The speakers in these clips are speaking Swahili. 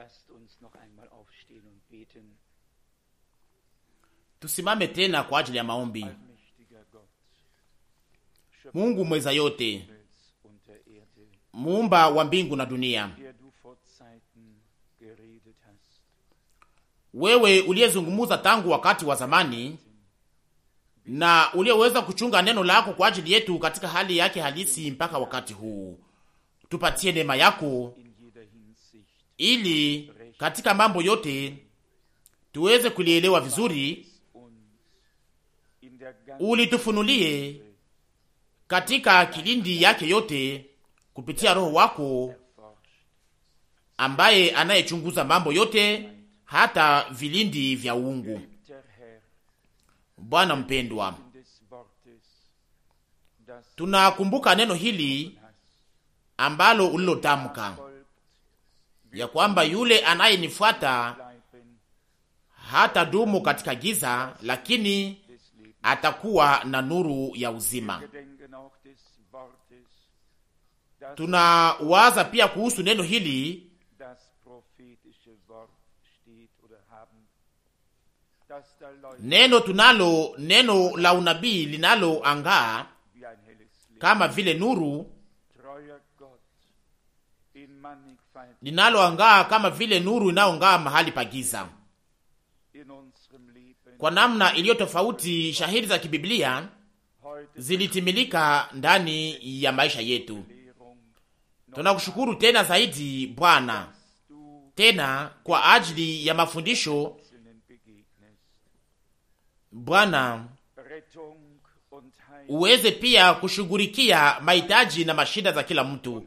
Lasst uns noch einmal aufstehen und beten. Tusimame tena kwa ajili ya maombi. Mungu mweza yote, muumba wa mbingu na dunia, wewe uliyezungumuza tangu wakati wa zamani na uliyeweza kuchunga neno lako kwa ajili yetu katika hali yake halisi mpaka wakati huu, tupatie neema yako ili katika mambo yote tuweze kulielewa vizuri, ulitufunulie katika kilindi yake yote kupitia Roho wako ambaye anayechunguza mambo yote hata vilindi vya uungu. Bwana mpendwa, tunakumbuka neno hili ambalo ulilotamka ya kwamba yule anayenifuata hata dumu katika giza, lakini atakuwa na nuru ya uzima. Tunawaza pia kuhusu neno hili neno tunalo neno la unabii linalo kama vile nuru linaloangaa kama vile nuru inayong'aa mahali pa giza. Kwa namna iliyo tofauti, shahidi za kibiblia zilitimilika ndani ya maisha yetu. Tunakushukuru tena zaidi Bwana, tena kwa ajili ya mafundisho Bwana, uweze pia kushughulikia mahitaji na mashida za kila mtu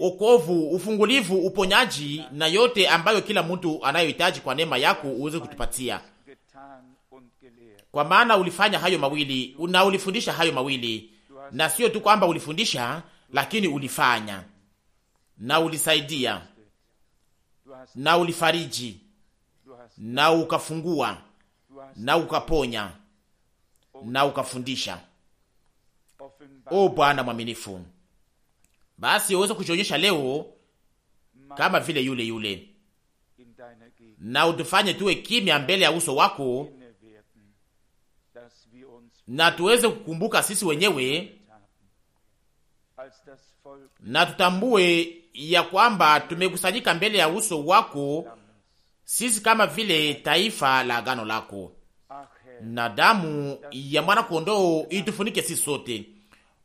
okovu, ufungulivu, uponyaji na yote ambayo kila mtu anayohitaji kwa neema yako uweze kutupatia, kwa maana ulifanya hayo mawili na ulifundisha hayo mawili, na sio tu kwamba ulifundisha, lakini ulifanya na ulisaidia na ulifariji na ukafungua na ukaponya na ukafundisha. O Bwana mwaminifu, basi uweze kujionyesha leo kama vile yule yule, na utufanye tuwe kimya mbele ya uso wako, na tuweze kukumbuka sisi wenyewe, na tutambue ya kwamba tumekusanyika mbele ya uso wako sisi kama vile taifa la agano lako, na damu ya mwana kondoo itufunike sisi sote.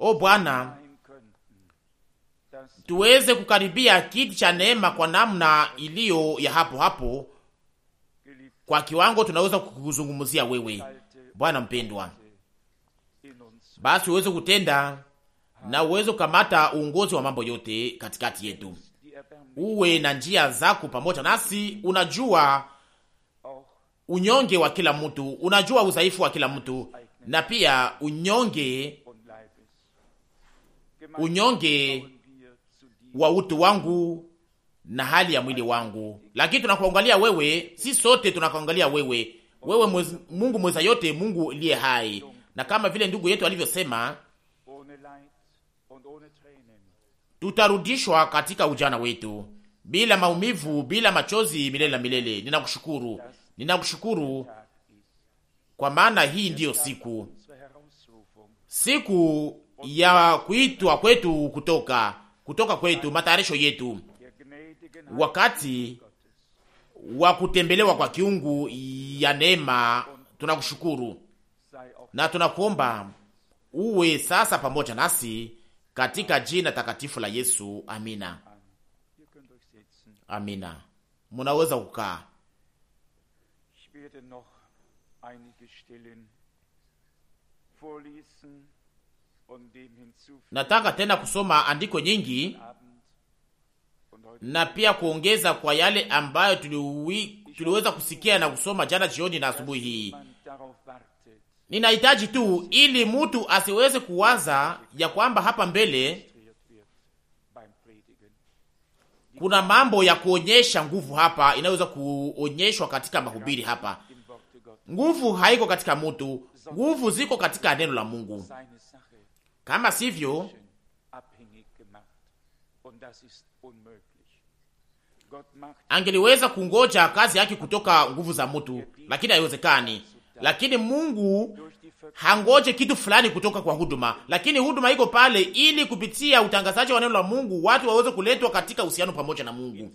O Bwana, tuweze kukaribia kiti cha neema kwa namna iliyo ya hapo hapo, kwa kiwango tunaweza kukuzungumzia wewe Bwana mpendwa, basi uweze kutenda na uweze kukamata uongozi wa mambo yote katikati yetu, uwe na njia zako pamoja nasi. Unajua unyonge wa kila mtu, unajua udhaifu wa kila mtu, na pia unyonge unyonge wa utu wangu na hali ya mwili wangu, lakini tunakuangalia wewe, si sote tunakuangalia wewe, wewe mwez, Mungu mweza yote, Mungu liye hai, na kama vile ndugu yetu alivyosema, tutarudishwa katika ujana wetu bila maumivu, bila machozi, milele na milele. Ninakushukuru, ninakushukuru kwa maana hii ndiyo siku, siku ya kuitwa kwetu kutoka kutoka kwetu, matayarisho yetu, wakati wa kutembelewa kwa kiungu ya neema. Tunakushukuru na tunakuomba uwe sasa pamoja nasi katika jina takatifu la Yesu. Amina, amina. Munaweza kukaa. Nataka tena kusoma andiko nyingi na pia kuongeza kwa yale ambayo tuliwi, tuliweza kusikia na kusoma jana jioni na asubuhi hii. Ninahitaji tu ili mtu asiweze kuwaza ya kwamba hapa mbele kuna mambo ya kuonyesha nguvu hapa inayoweza kuonyeshwa katika mahubiri hapa. Nguvu haiko katika mtu, nguvu ziko katika neno la Mungu. Kama sivyo, angeliweza kungoja kazi yake kutoka nguvu za mtu, lakini haiwezekani. Lakini Mungu hangoje kitu fulani kutoka kwa huduma, lakini huduma iko pale ili kupitia utangazaji wa neno la Mungu watu waweze kuletwa katika uhusiano pamoja na Mungu.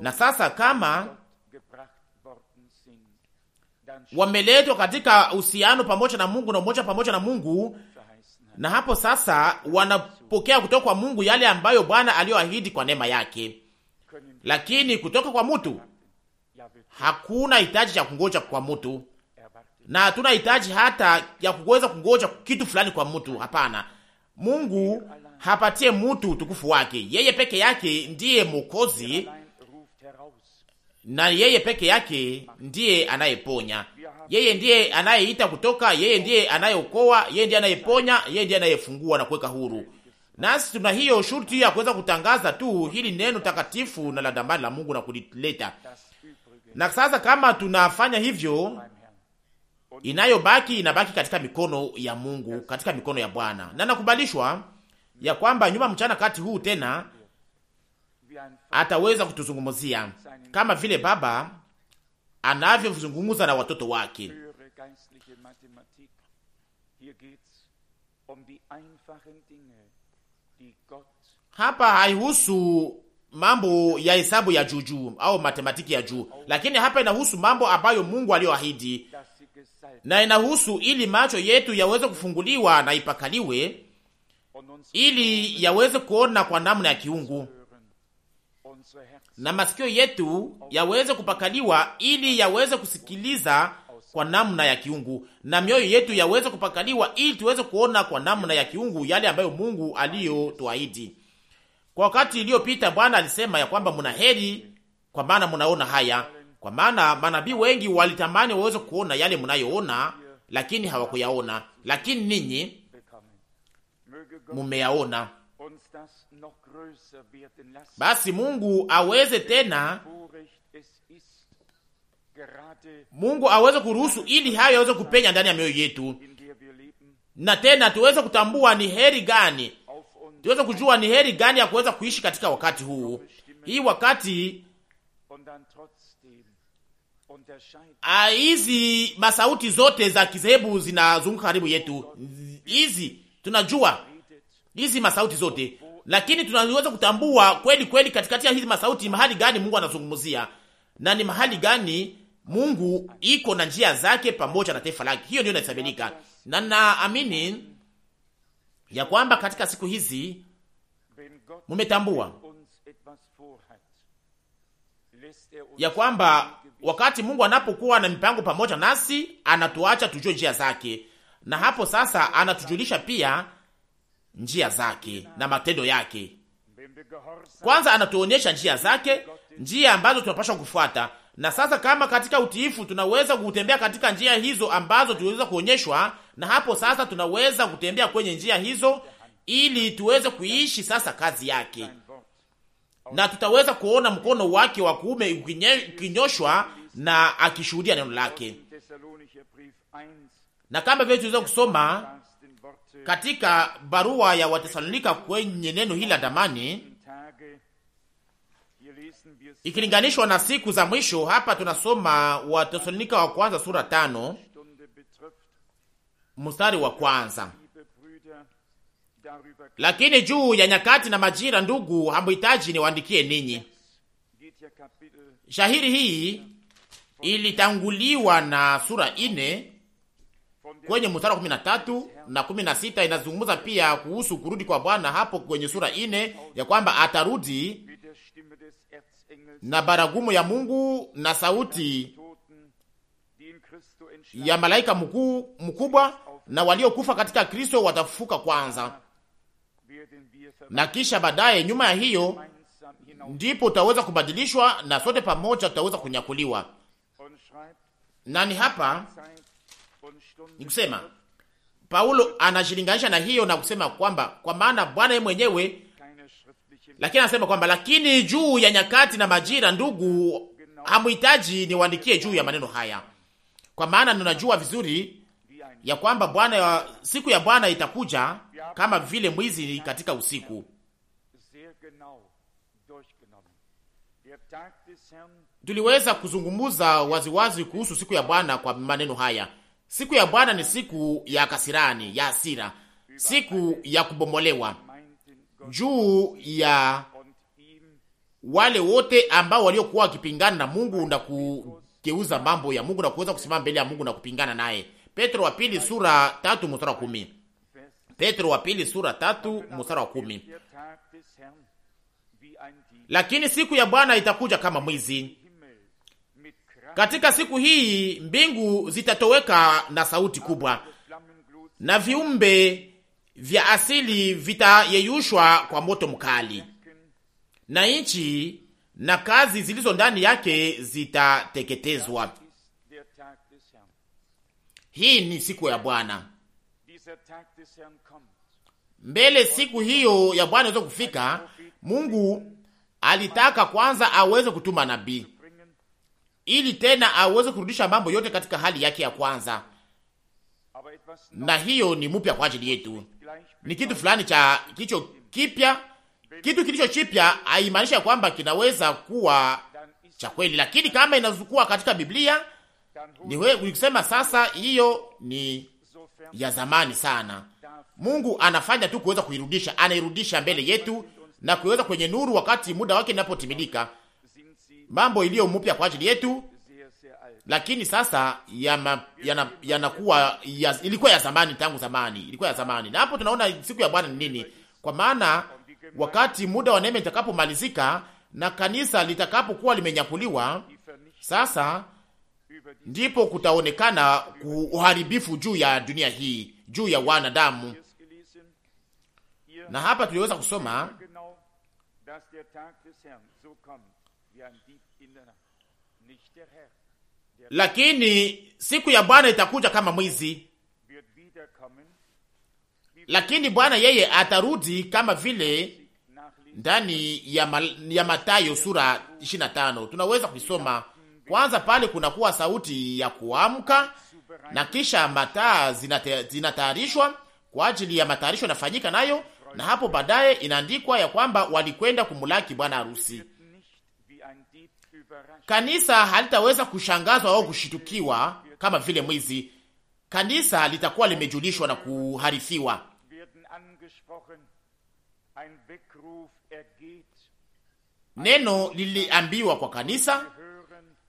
Na sasa kama wameletwa katika uhusiano pamoja na Mungu na umoja pamoja na Mungu, na hapo sasa wanapokea kutoka kwa Mungu yale ambayo Bwana aliyoahidi kwa neema yake. Lakini kutoka kwa mtu hakuna hitaji ya kungoja kwa mtu, na hatuna hitaji hata ya kuweza kungoja kitu fulani kwa mtu. Hapana, Mungu hapatie mtu utukufu wake, yeye peke yake ndiye Mwokozi na yeye peke yake ndiye anayeponya. Yeye ndiye anayeita kutoka, yeye ndiye anayeokoa, yeye ndiye anayeponya, yeye ndiye anayefungua na kuweka huru. Nasi tuna hiyo shurti ya kuweza kutangaza tu hili neno takatifu na la dambani la Mungu na kulileta. Na sasa kama tunafanya hivyo, inayobaki inabaki katika mikono ya Mungu, katika mikono ya Bwana, na nakubalishwa ya kwamba nyuma mchana kati huu tena ataweza kutuzungumzia kama vile baba anavyozungumza na watoto wake. Hapa haihusu mambo ya hesabu ya juu juu au matematiki ya juu, lakini hapa inahusu mambo ambayo Mungu aliyoahidi, na inahusu ili macho yetu yaweze kufunguliwa na ipakaliwe, ili yaweze kuona kwa namna ya kiungu na masikio yetu yaweze kupakaliwa ili yaweze kusikiliza kwa namna ya kiungu, na mioyo yetu yaweze kupakaliwa ili tuweze kuona kwa namna ya kiungu yale ambayo Mungu aliyotuahidi. Kwa wakati iliyopita, Bwana alisema ya kwamba mna heri kwa maana mnaona haya, kwa maana manabii wengi walitamani waweze kuona yale mnayoona, lakini hawakuyaona, lakini ninyi mumeyaona. Basi Mungu aweze tena, Mungu aweze kuruhusu ili hayo yaweze kupenya ndani ya mioyo yetu, na tena tuweze kutambua ni heri gani, tuweze kujua ni heri gani ya kuweza kuishi katika wakati huu, hii wakati hizi masauti zote za kizehebu zinazunguka karibu yetu, hizi tunajua hizi masauti zote, lakini tunaweza kutambua kweli kweli katikati ya hizi masauti mahali gani Mungu anazungumzia na ni mahali gani Mungu iko na njia zake pamoja na taifa lake. Hiyo ndio inasabilika, na naamini ya kwamba katika siku hizi mumetambua ya kwamba wakati Mungu anapokuwa na mipango pamoja nasi, anatuacha tujue njia zake, na hapo sasa anatujulisha pia njia zake na matendo yake. Kwanza anatuonyesha njia zake, njia ambazo tunapaswa kufuata. Na sasa kama katika utiifu tunaweza kutembea katika njia hizo ambazo tuliweza kuonyeshwa, na hapo sasa tunaweza kutembea kwenye njia hizo ili tuweze kuishi sasa kazi yake, na tutaweza kuona mkono wake wa kuume ukinyoshwa na akishuhudia neno lake, na kama vile tuliweza kusoma katika barua ya Watesalonika kwenye neno hili la damani ikilinganishwa na siku za mwisho. Hapa tunasoma Watesalonika wa kwanza sura tano mstari wa kwanza: lakini juu ya nyakati na majira, ndugu, hamuhitaji niwaandikie ninyi. Shahiri hii ilitanguliwa na sura ine kwenye mstari wa 13 na 16 inazungumza pia kuhusu kurudi kwa Bwana hapo kwenye sura ine ya kwamba atarudi na baragumu ya Mungu na sauti ya malaika mkuu mkubwa, na waliokufa katika Kristo watafufuka kwanza, na kisha baadaye, nyuma ya hiyo ndipo utaweza kubadilishwa na sote pamoja tutaweza kunyakuliwa. Nani hapa ni kusema Paulo anajilinganisha na hiyo na kusema kwamba kwa maana Bwana yeye mwenyewe, lakini anasema kwamba lakini juu ya nyakati na majira, ndugu, hamuhitaji niwaandikie juu ya maneno haya, kwa maana ninajua vizuri ya kwamba Bwana, siku ya Bwana itakuja kama vile mwizi katika usiku. Tuliweza kuzungumza waziwazi kuhusu siku ya Bwana kwa maneno haya Siku ya Bwana ni siku ya kasirani, ya asira siku ya kubomolewa juu ya wale wote ambao waliokuwa wakipingana na Mungu na kugeuza mambo ya Mungu na kuweza kusimama mbele ya Mungu na kupingana naye. Petro wa pili sura tatu mstari wa kumi. Petro wa pili sura tatu mstari wa kumi. Lakini siku ya Bwana itakuja kama mwizi katika siku hii mbingu zitatoweka na sauti kubwa, na viumbe vya asili vitayeyushwa kwa moto mkali, na nchi na kazi zilizo ndani yake zitateketezwa. Hii ni siku ya Bwana. Mbele siku hiyo ya Bwana iweze kufika, Mungu alitaka kwanza aweze kutuma nabii ili tena aweze kurudisha mambo yote katika hali yake ya kwanza, na hiyo ni mupya kwa ajili yetu. Ni kitu fulani cha kicho kipya. Kitu kilicho chipya haimaanishi kwamba kinaweza kuwa cha kweli, lakini kama inazukua katika Biblia ni wewe ukisema sasa, hiyo ni ya zamani sana. Mungu anafanya tu kuweza kuirudisha, anairudisha mbele yetu na kuweza kwenye nuru wakati muda wake inapotimilika mambo iliyo mpya kwa ajili yetu, lakini sasa yanakuwa yana, ya, ilikuwa ya zamani tangu zamani, ilikuwa ya zamani. Na hapo tunaona siku ya Bwana ni nini, kwa maana wakati muda wa neema itakapomalizika na kanisa litakapokuwa limenyakuliwa sasa ndipo kutaonekana uharibifu juu ya dunia hii, juu ya wanadamu. Na hapa tuliweza kusoma lakini siku ya Bwana itakuja kama mwizi, lakini Bwana yeye atarudi kama vile ndani ya, ma, ya Matayo sura 25 tunaweza kuisoma kwanza. Pale kunakuwa sauti ya kuamka na kisha mataa zinatayarishwa kwa ajili ya matayarisho yanafanyika nayo, na hapo baadaye inaandikwa ya kwamba walikwenda kumulaki bwana harusi. Kanisa halitaweza kushangazwa au kushitukiwa kama vile mwizi. Kanisa litakuwa limejulishwa na kuharifiwa. Neno liliambiwa kwa kanisa,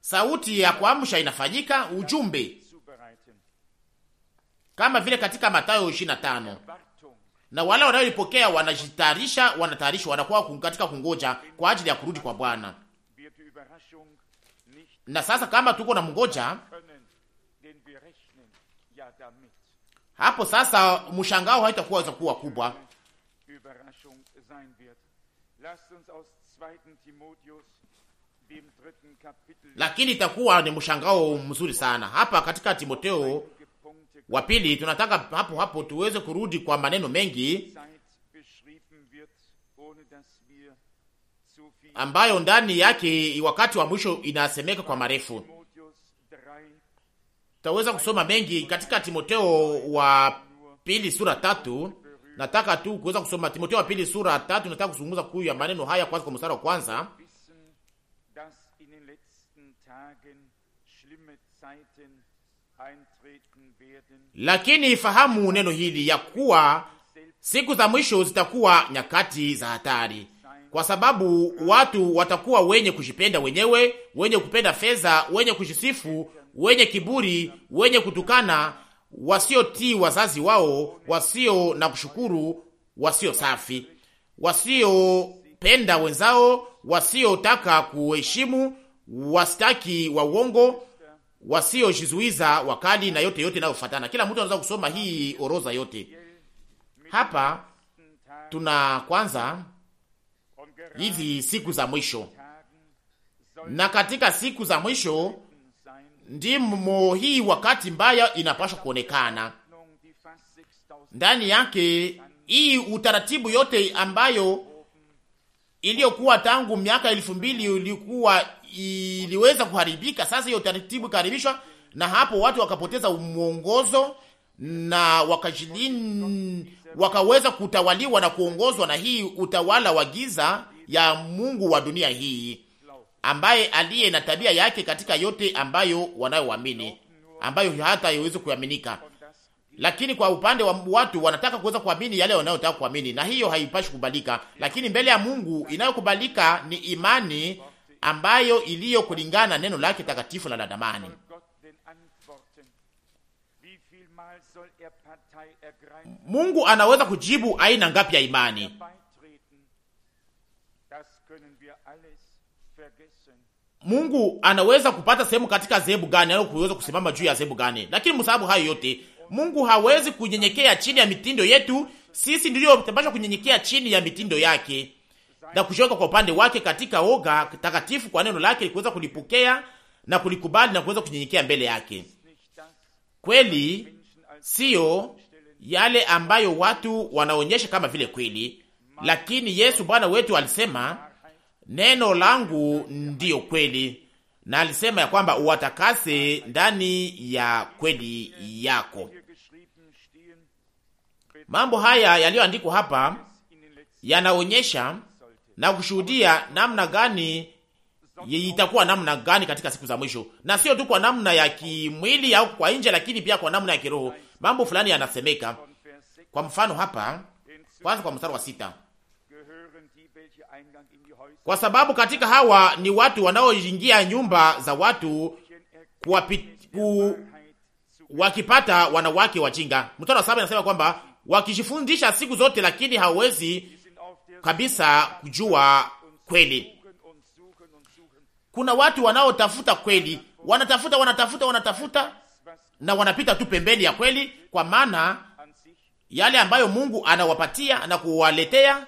sauti ya kuamsha inafanyika, ujumbe kama vile katika Mathayo 25 na wale wanaolipokea wanajitayarisha, wanatayarishwa, wanakuwa katika kungoja kwa ajili ya kurudi kwa Bwana. Na sasa kama tuko na mgoja hapo sasa, mshangao haitakuwa weza kuwa kubwa. Lakini itakuwa ni mshangao mzuri sana. Hapa katika Timoteo wa pili tunataka hapo hapo tuweze kurudi kwa maneno mengi ambayo ndani yake wakati wa mwisho inasemeka kwa marefu. Taweza kusoma mengi katika Timoteo wa pili sura tatu. Nataka tu kuweza kusoma Timoteo wa pili sura tatu. Nataka kuzungumza kuyu ya maneno haya kwanza, kwa mstari wa kwanza lakini fahamu neno hili ya kuwa siku za mwisho zitakuwa nyakati za hatari kwa sababu watu watakuwa wenye kujipenda wenyewe, wenye kupenda fedha, wenye kujisifu, wenye kiburi, wenye kutukana, wasiotii wazazi wao, wasio na kushukuru, wasio safi, wasiopenda wenzao, wasiotaka kuheshimu, wastaki wa uongo, wasiojizuiza wakali, na yote yote inayofuatana. Kila mtu anaweza kusoma hii orodha yote hapa. Tuna kwanza hizi siku za mwisho, na katika siku za mwisho ndimo hii wakati mbaya inapaswa kuonekana ndani yake. Hii utaratibu yote ambayo iliyokuwa tangu miaka elfu mbili ilikuwa iliweza kuharibika. Sasa hiyo utaratibu ikaharibishwa, na hapo watu wakapoteza mwongozo na wakajilin, wakaweza kutawaliwa na kuongozwa na hii utawala wa giza ya Mungu wa dunia hii, ambaye aliye na tabia yake katika yote ambayo wanayoamini, ambayo hata haiwezi kuaminika. Lakini kwa upande wa watu wanataka kuweza kuamini yale wanayotaka kuamini, na hiyo haipashi kubalika. Lakini mbele ya Mungu inayokubalika ni imani ambayo iliyo kulingana neno lake takatifu la ladamani Mungu anaweza kujibu aina ngapi ya imani? Mungu anaweza kupata sehemu katika zebu gani, au kuweza kusimama juu ya zebu gani, lakini msababu hayo yote Mungu hawezi kunyenyekea chini ya mitindo yetu. Sisi ndio tutapaswa kunyenyekea chini ya mitindo yake na kushoka kwa upande wake katika oga takatifu kwa neno lake kuweza kulipokea na kulikubali na kuweza kunyenyekea mbele yake. Kweli sio yale ambayo watu wanaonyesha kama vile kweli, lakini Yesu Bwana wetu alisema neno langu ndiyo kweli, na alisema ya kwamba uwatakase ndani ya kweli yako. Mambo haya yaliyoandikwa hapa yanaonyesha na kushuhudia namna gani itakuwa namna gani katika siku za mwisho, na sio tu kwa namna ya kimwili au kwa nje, lakini pia kwa namna ya kiroho. Mambo fulani yanasemeka, kwa mfano hapa kwanza, kwa mstari wa sita kwa sababu katika hawa ni watu wanaoingia nyumba za watu kuwapiku, wakipata wanawake wachinga. Mstari wa saba inasema kwamba wakijifundisha siku zote, lakini hawawezi kabisa kujua kweli. Kuna watu wanaotafuta kweli, wanatafuta wanatafuta wanatafuta, na wanapita tu pembeni ya kweli, kwa maana yale ambayo Mungu anawapatia na kuwaletea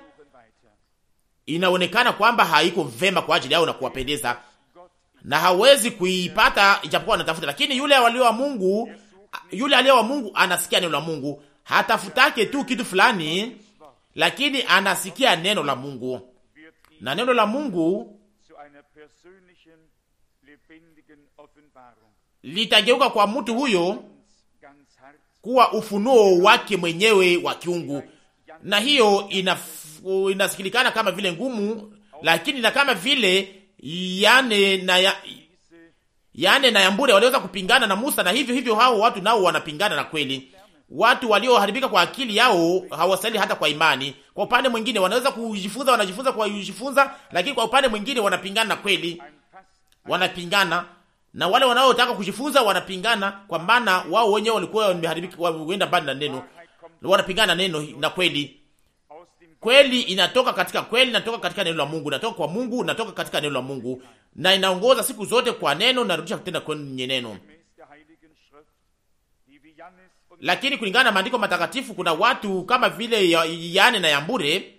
inaonekana kwamba haiko vema kwa ajili yao na kuwapendeza, na hawezi kuipata ijapokuwa anatafuta. Lakini yule aliye wa Mungu, yule aliye wa Mungu anasikia neno la Mungu, hatafutake tu kitu fulani, lakini anasikia neno la Mungu, na neno la Mungu litageuka kwa mtu huyo kuwa ufunuo wake mwenyewe wa kiungu, na hiyo ina inasikilikana kama vile ngumu, lakini na kama vile Yane na ya, Yane na Yambure waliweza kupingana na Musa, na hivyo hivyo hao watu nao wanapingana na kweli. Watu walioharibika kwa akili yao hawasali hata kwa imani. Kwa upande mwingine wanaweza kujifunza, wanajifunza kwa kujifunza, lakini kwa upande mwingine wanapingana na kweli, wanapingana na wale wanaotaka kujifunza, wanapingana kwa maana wao wenyewe walikuwa wameharibika, wameenda mbali na neno, wanapingana na neno na kweli Kweli inatoka katika kweli, inatoka katika neno la Mungu, inatoka kwa Mungu, inatoka katika neno la Mungu, na inaongoza siku zote kwa neno, narudisha kutenda kwenye neno. Lakini kulingana na maandiko matakatifu, kuna watu kama vile Yane na Yambure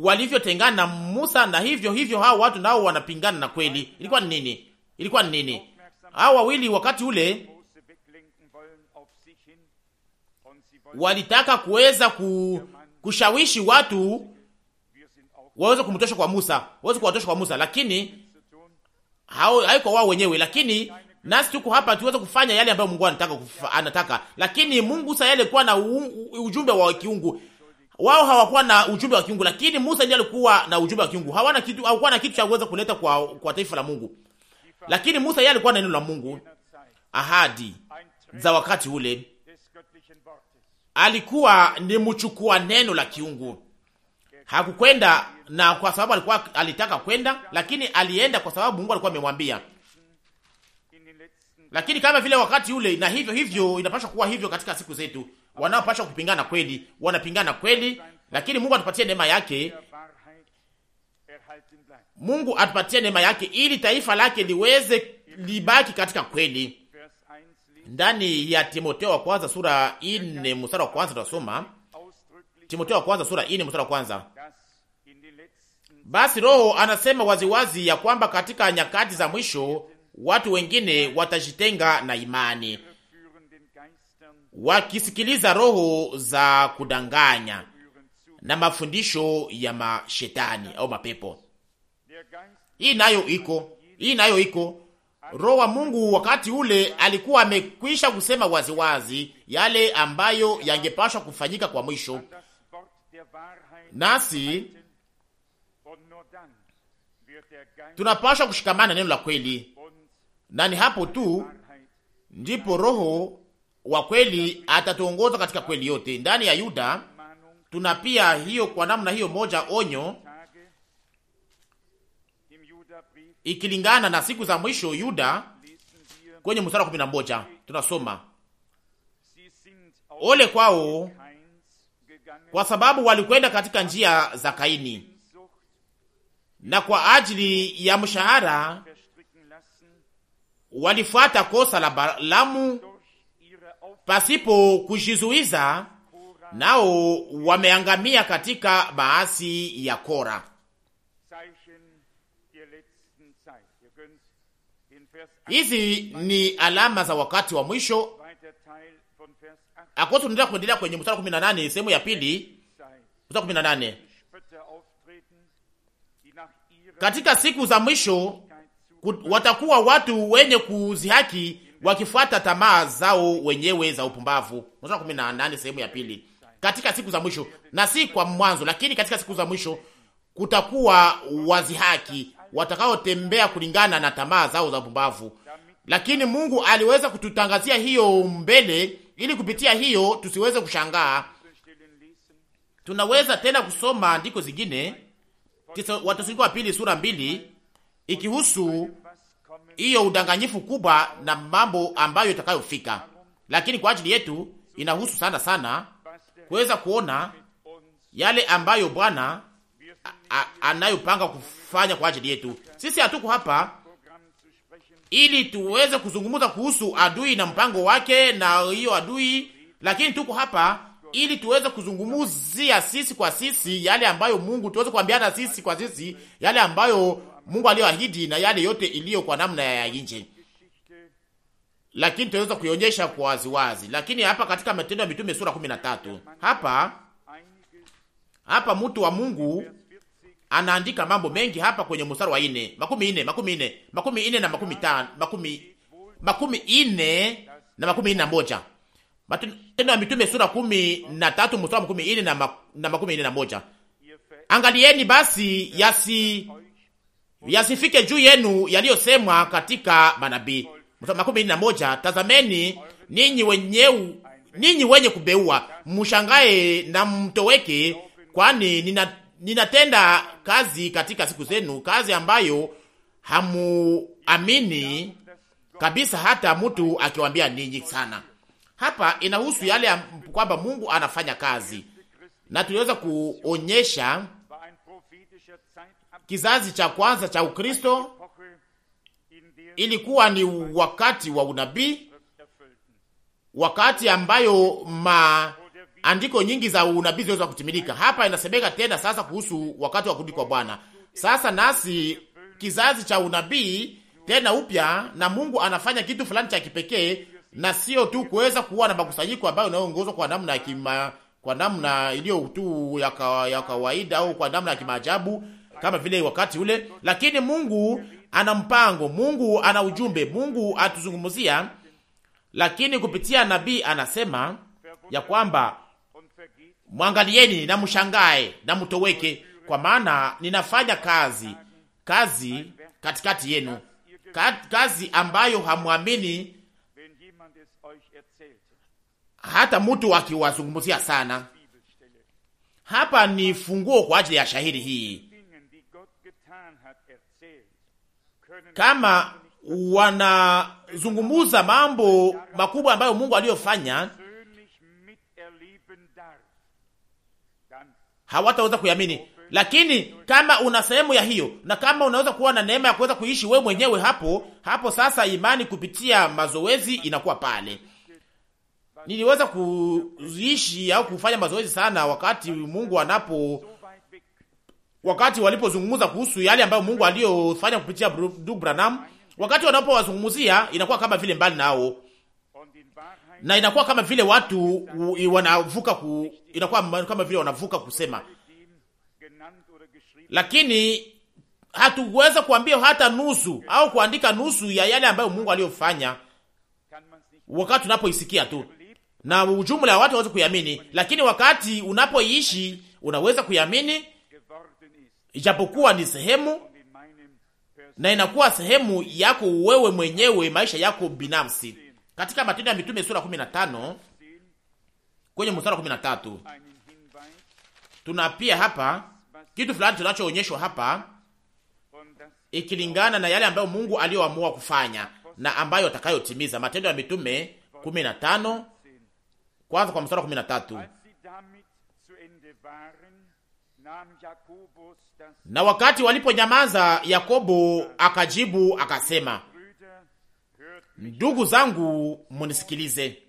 walivyotengana na Musa, na hivyo hivyo hao watu nao wanapingana na kweli. Ilikuwa ni nini? Ilikuwa ni nini? Hao wawili wakati ule walitaka kuweza ku kushawishi watu waweze kumtosha kwa Musa, waweze kuwatosha kwa Musa, lakini hao haiko wao wenyewe, lakini nasi tuko hapa tuweze kufanya yale ambayo Mungu anataka kufa, anataka. Lakini Mungu sasa yale alikuwa na u, ujumbe wa kiungu, wao hawakuwa na ujumbe wa kiungu, lakini Musa ndiye alikuwa na ujumbe wa kiungu. Hawana kitu, hawakuwa na kitu cha kuweza kuleta kwa, kwa taifa la Mungu, lakini Musa yeye alikuwa na neno la Mungu, ahadi za wakati ule alikuwa ni mchukua neno la kiungu. Hakukwenda na kwa sababu alikuwa alitaka kwenda, lakini alienda kwa sababu Mungu alikuwa amemwambia. Lakini kama vile wakati ule, na hivyo hivyo inapaswa kuwa hivyo katika siku zetu. Wanaopaswa kupingana kweli wanapingana kweli, lakini Mungu atupatie neema yake. Mungu atupatie neema yake ili taifa lake liweze libaki katika kweli ndani ya timoteo wa kwanza sura ine mstari wa kwanza tunasoma timoteo wa kwanza sura ine mstari wa kwanza. Basi Roho anasema waziwazi ya kwamba katika nyakati za mwisho watu wengine watajitenga na imani, wakisikiliza roho za kudanganya na mafundisho ya mashetani au mapepo. Hii nayo iko, hii nayo iko Roho wa Mungu wakati ule alikuwa amekwisha kusema waziwazi yale ambayo yangepashwa kufanyika kwa mwisho, nasi tunapashwa kushikamana neno la kweli, na ni hapo tu ndipo Roho wa kweli atatuongoza katika kweli yote. Ndani ya Yuda tuna pia hiyo, kwa namna hiyo moja, onyo ikilingana na siku za mwisho. Yuda kwenye mstari wa moja tunasoma ole kwao kwa sababu walikwenda katika njia za Kaini, na kwa ajili ya mshahara walifuata kosa la Balamu pasipo kujizuiza, nao wameangamia katika maasi ya Kora. Hizi ni alama za wakati wa mwisho. Akosi, tunaendelea kuendelea kwenye mstari 18, sehemu ya pili, mstari 18: katika siku za mwisho watakuwa watu wenye kuzihaki wakifuata tamaa zao wenyewe za upumbavu. Mstari 18, sehemu ya pili: katika siku za mwisho na si kwa mwanzo, lakini katika siku za mwisho kutakuwa wazihaki watakaotembea kulingana na tamaa zao za pumbavu. Lakini Mungu aliweza kututangazia hiyo mbele, ili kupitia hiyo tusiweze kushangaa. Tunaweza tena kusoma andiko zingine Wathesalonike wa pili sura mbili ikihusu hiyo udanganyifu kubwa na mambo ambayo itakayofika, lakini kwa ajili yetu inahusu sana sana kuweza kuona yale ambayo Bwana anayopanga kufanya kwa ajili yetu. Sisi hatuko hapa ili tuweze kuzungumza kuhusu adui na mpango wake na hiyo adui, lakini tuko hapa ili tuweze kuzungumzia sisi kwa sisi yale ambayo Mungu, tuweze kuambiana sisi kwa sisi yale ambayo Mungu aliyoahidi na yale yote iliyo kwa namna ya nje, lakini tuweza kuionyesha kwa waziwazi. Lakini hapa katika Matendo ya Mitume sura 13 hapa hapa mtu wa Mungu anaandika mambo mengi hapa kwenye mstari wa nne, makumi nne, makumi nne, makumi nne na makumi tano, makumi makumi nne na makumi nne na moja. Matendo ya Mitume sura kumi na tatu mstari wa makumi nne na, ma, na makumi nne na moja. Angalieni basi yasi yasifike juu yenu yaliyosemwa katika manabii. Mstari Makumi nne na moja. Tazameni ninyi wenyewe ninyi wenye kubeua mshangae na mtoweke, kwani nina ninatenda kazi katika siku zenu, kazi ambayo hamuamini kabisa, hata mtu akiwambia ninyi sana. Hapa inahusu yale kwamba Mungu anafanya kazi, na tuliweza kuonyesha kizazi cha kwanza cha Ukristo ilikuwa ni wakati wa unabii, wakati ambayo ma andiko nyingi za unabii zinaweza kutimilika. Hapa inasemeka tena sasa kuhusu wakati wa kurudi kwa Bwana. Sasa nasi kizazi cha unabii tena upya, na Mungu anafanya kitu fulani cha kipekee, na sio tu kuweza kuwa na makusanyiko ambayo inayoongozwa kwa namna ya kima, kwa namna iliyo tu ya, ka, ya kawaida au kwa namna ya kimaajabu kama vile wakati ule, lakini Mungu ana mpango, Mungu ana ujumbe, Mungu atuzungumzia, lakini kupitia nabii anasema ya kwamba mwangalieni na mshangae na mtoweke, kwa maana ninafanya kazi kazi katikati yenu, kazi ambayo hamwamini hata mtu akiwazungumzia sana. Hapa ni funguo kwa ajili ya shahiri hii, kama wanazungumuza mambo makubwa ambayo Mungu aliyofanya hawataweza kuyamini. Lakini kama una sehemu ya hiyo na kama unaweza kuwa na neema ya kuweza kuishi wewe mwenyewe hapo hapo, sasa imani kupitia mazoezi inakuwa pale. Niliweza kuishi au kufanya mazoezi sana wakati Mungu anapo wakati walipozungumza kuhusu yale ambayo Mungu aliyofanya kupitia ndugu Branham, wakati wanapowazungumzia inakuwa kama vile mbali nao, na inakuwa kama vile watu wanavuka ku inakuwa kama vile wanavuka kusema, lakini hatuweza kuambia hata nusu au kuandika nusu ya yale ambayo Mungu aliyofanya wakati unapoisikia tu, na ujumla wa watu waweze kuiamini. Lakini wakati unapoishi unaweza kuiamini, ijapokuwa ni sehemu na inakuwa sehemu yako wewe mwenyewe, maisha yako binafsi. Katika Matendo ya Mitume sura kwenye mstari wa tatu. Tuna pia hapa kitu fulani tunachoonyeshwa hapa ikilingana na yale ambayo Mungu aliyoamua kufanya na ambayo atakayotimiza. Matendo ya Mitume 15 kwanza kwa mstari wa 13. Na wakati waliponyamaza, Yakobo akajibu akasema, ndugu zangu munisikilize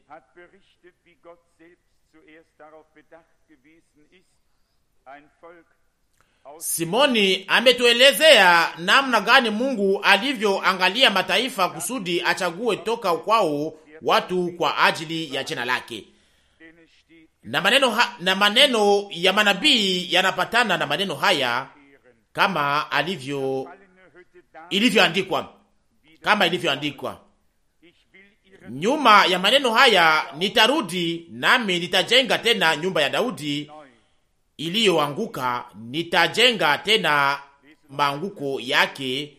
Simoni ametuelezea namna gani Mungu alivyoangalia mataifa kusudi achague toka kwao watu kwa ajili ya jina lake. Na maneno, ha na maneno ya manabii yanapatana na maneno haya kama alivyo ilivyoandikwa, kama ilivyoandikwa Nyuma ya maneno haya nitarudi, nami nitajenga tena nyumba ya Daudi iliyoanguka, nitajenga tena maanguko yake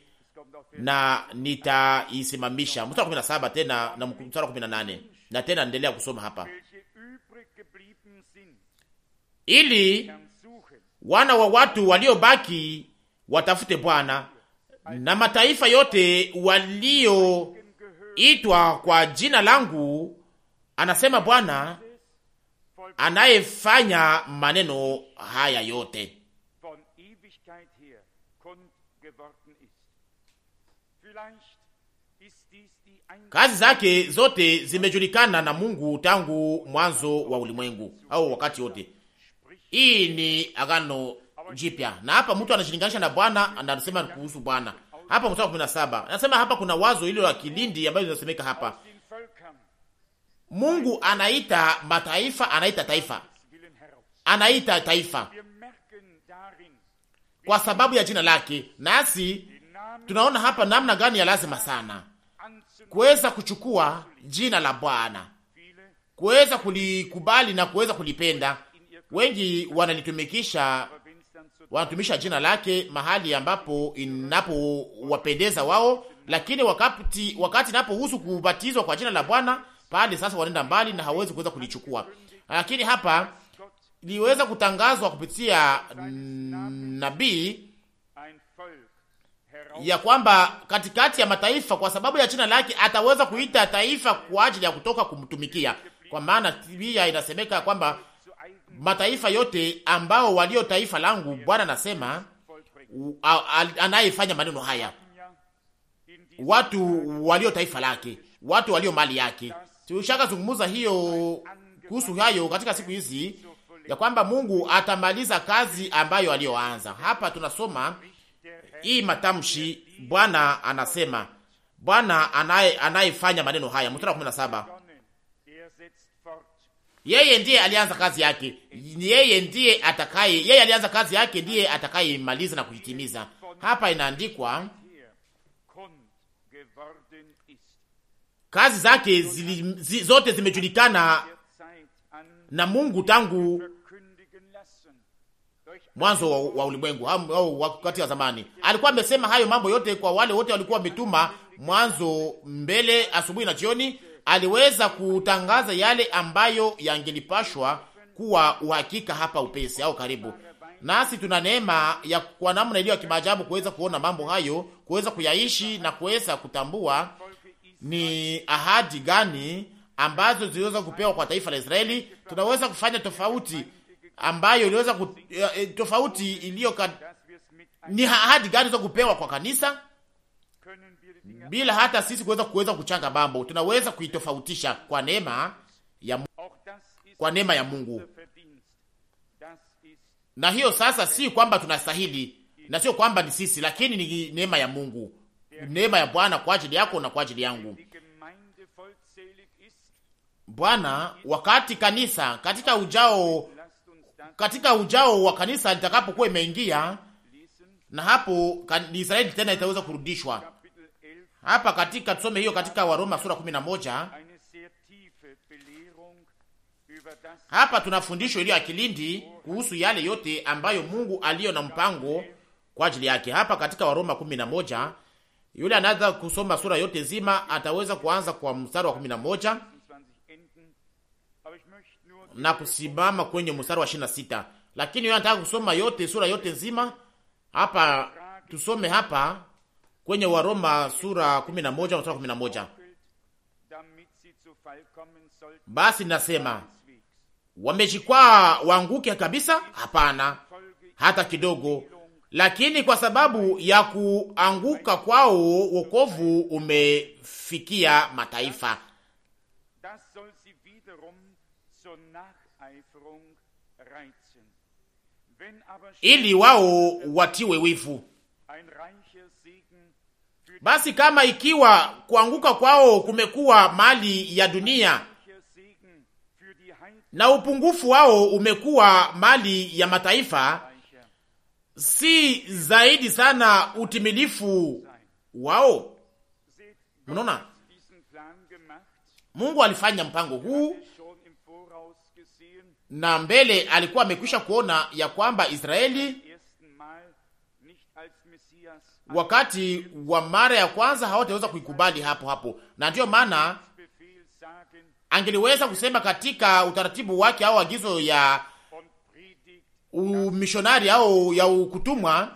na nitaisimamisha. Mstari wa kumi na saba tena na mstari wa kumi na nane na tena endelea kusoma hapa, ili wana wa watu waliobaki watafute Bwana na mataifa yote walio itwa kwa jina langu, anasema Bwana anayefanya maneno haya yote. Kazi zake zote zimejulikana na Mungu tangu mwanzo wa ulimwengu au wakati wote. Hii ni agano jipya, na hapa mtu anajilinganisha na Bwana, anasema kuhusu Bwana hapa mstari wa saba Anasema hapa kuna wazo hilo la kilindi ambayo linasemeka hapa. Mungu anaita mataifa, anaita taifa. Anaita taifa. Kwa sababu ya jina lake. Nasi tunaona hapa namna gani ya lazima sana kuweza kuchukua jina la Bwana, kuweza kulikubali na kuweza kulipenda. Wengi wanalitumikisha wanatumisha jina lake mahali ambapo inapowapendeza wao, lakini wakati wakati inapohusu kubatizwa kwa jina la Bwana, pale sasa wanaenda mbali na hawezi kuweza kulichukua. Lakini hapa liweza kutangazwa kupitia nabii ya kwamba katikati ya mataifa kwa sababu ya jina lake ataweza kuita taifa kwa ajili ya kutoka kumtumikia. Kwa maana pia inasemeka kwamba mataifa yote ambao walio taifa langu, Bwana anasema, anayefanya maneno haya, watu walio taifa lake, watu walio mali yake. Tushakazungumuza hiyo kuhusu hayo katika siku hizi ya kwamba Mungu atamaliza kazi ambayo aliyoanza. Hapa tunasoma hii matamshi, Bwana anasema, Bwana anayefanya maneno haya, mstari wa 17 yeye ndiye alianza kazi yake, yeye ndiye atakaye, yeye alianza kazi yake, ndiye atakayemaliza na kuitimiza. Hapa inaandikwa kazi zake zili, zi, zote zimejulikana na Mungu tangu mwanzo wa, wa ulimwengu au wakati wa zamani. Alikuwa amesema hayo mambo yote kwa wale wote walikuwa wametuma mwanzo, mbele, asubuhi na jioni aliweza kutangaza yale ambayo yangelipashwa kuwa uhakika hapa upesi au karibu nasi tuna neema ya kwa namna iliyo ya kimaajabu kuweza kuona mambo hayo, kuweza kuyaishi na kuweza kutambua ni ahadi gani ambazo ziliweza kupewa kwa taifa la Israeli. Tunaweza kufanya tofauti ambayo iliweza kut... Eh, eh, tofauti iliyo ka... ni ahadi gani za kupewa kwa kanisa bila hata sisi kuweza kuweza kuchanga mambo, tunaweza kuitofautisha kwa neema ya oh, kwa neema ya Mungu. Na hiyo sasa, si kwamba tunastahili na sio kwamba ni sisi, lakini ni neema ya Mungu, neema ya Bwana kwa ajili yako na kwa ajili yangu. Bwana, wakati kanisa katika ujao katika ujao wa kanisa litakapokuwa imeingia, na hapo Israeli tena itaweza kurudishwa hapa katika, tusome hiyo katika Waroma sura 11. Hapa tuna fundisho iliyo ya kilindi kuhusu yale yote ambayo Mungu aliyo na mpango kwa ajili yake. Hapa katika Waroma 11, yule anaweza kusoma sura yote nzima, ataweza kuanza kwa mstari wa 11 na kusimama kwenye mstari wa 26, lakini yeye anataka kusoma yote sura yote nzima. Hapa tusome hapa kwenye Waroma sura 11 mstari 11. Basi nasema wamejikwaa waanguke kabisa? Hapana, hata kidogo. Lakini kwa sababu ya kuanguka kwao wokovu umefikia mataifa. Ili wao watiwe wivu. Basi kama ikiwa kuanguka kwao kumekuwa mali ya dunia na upungufu wao umekuwa mali ya mataifa, si zaidi sana utimilifu wao? Mnaona, Mungu alifanya mpango huu na mbele alikuwa amekwisha kuona ya kwamba Israeli wakati wa mara ya kwanza hawataweza kuikubali hapo hapo, na ndiyo maana angeliweza kusema katika utaratibu wake au agizo ya umishonari au ya ukutumwa,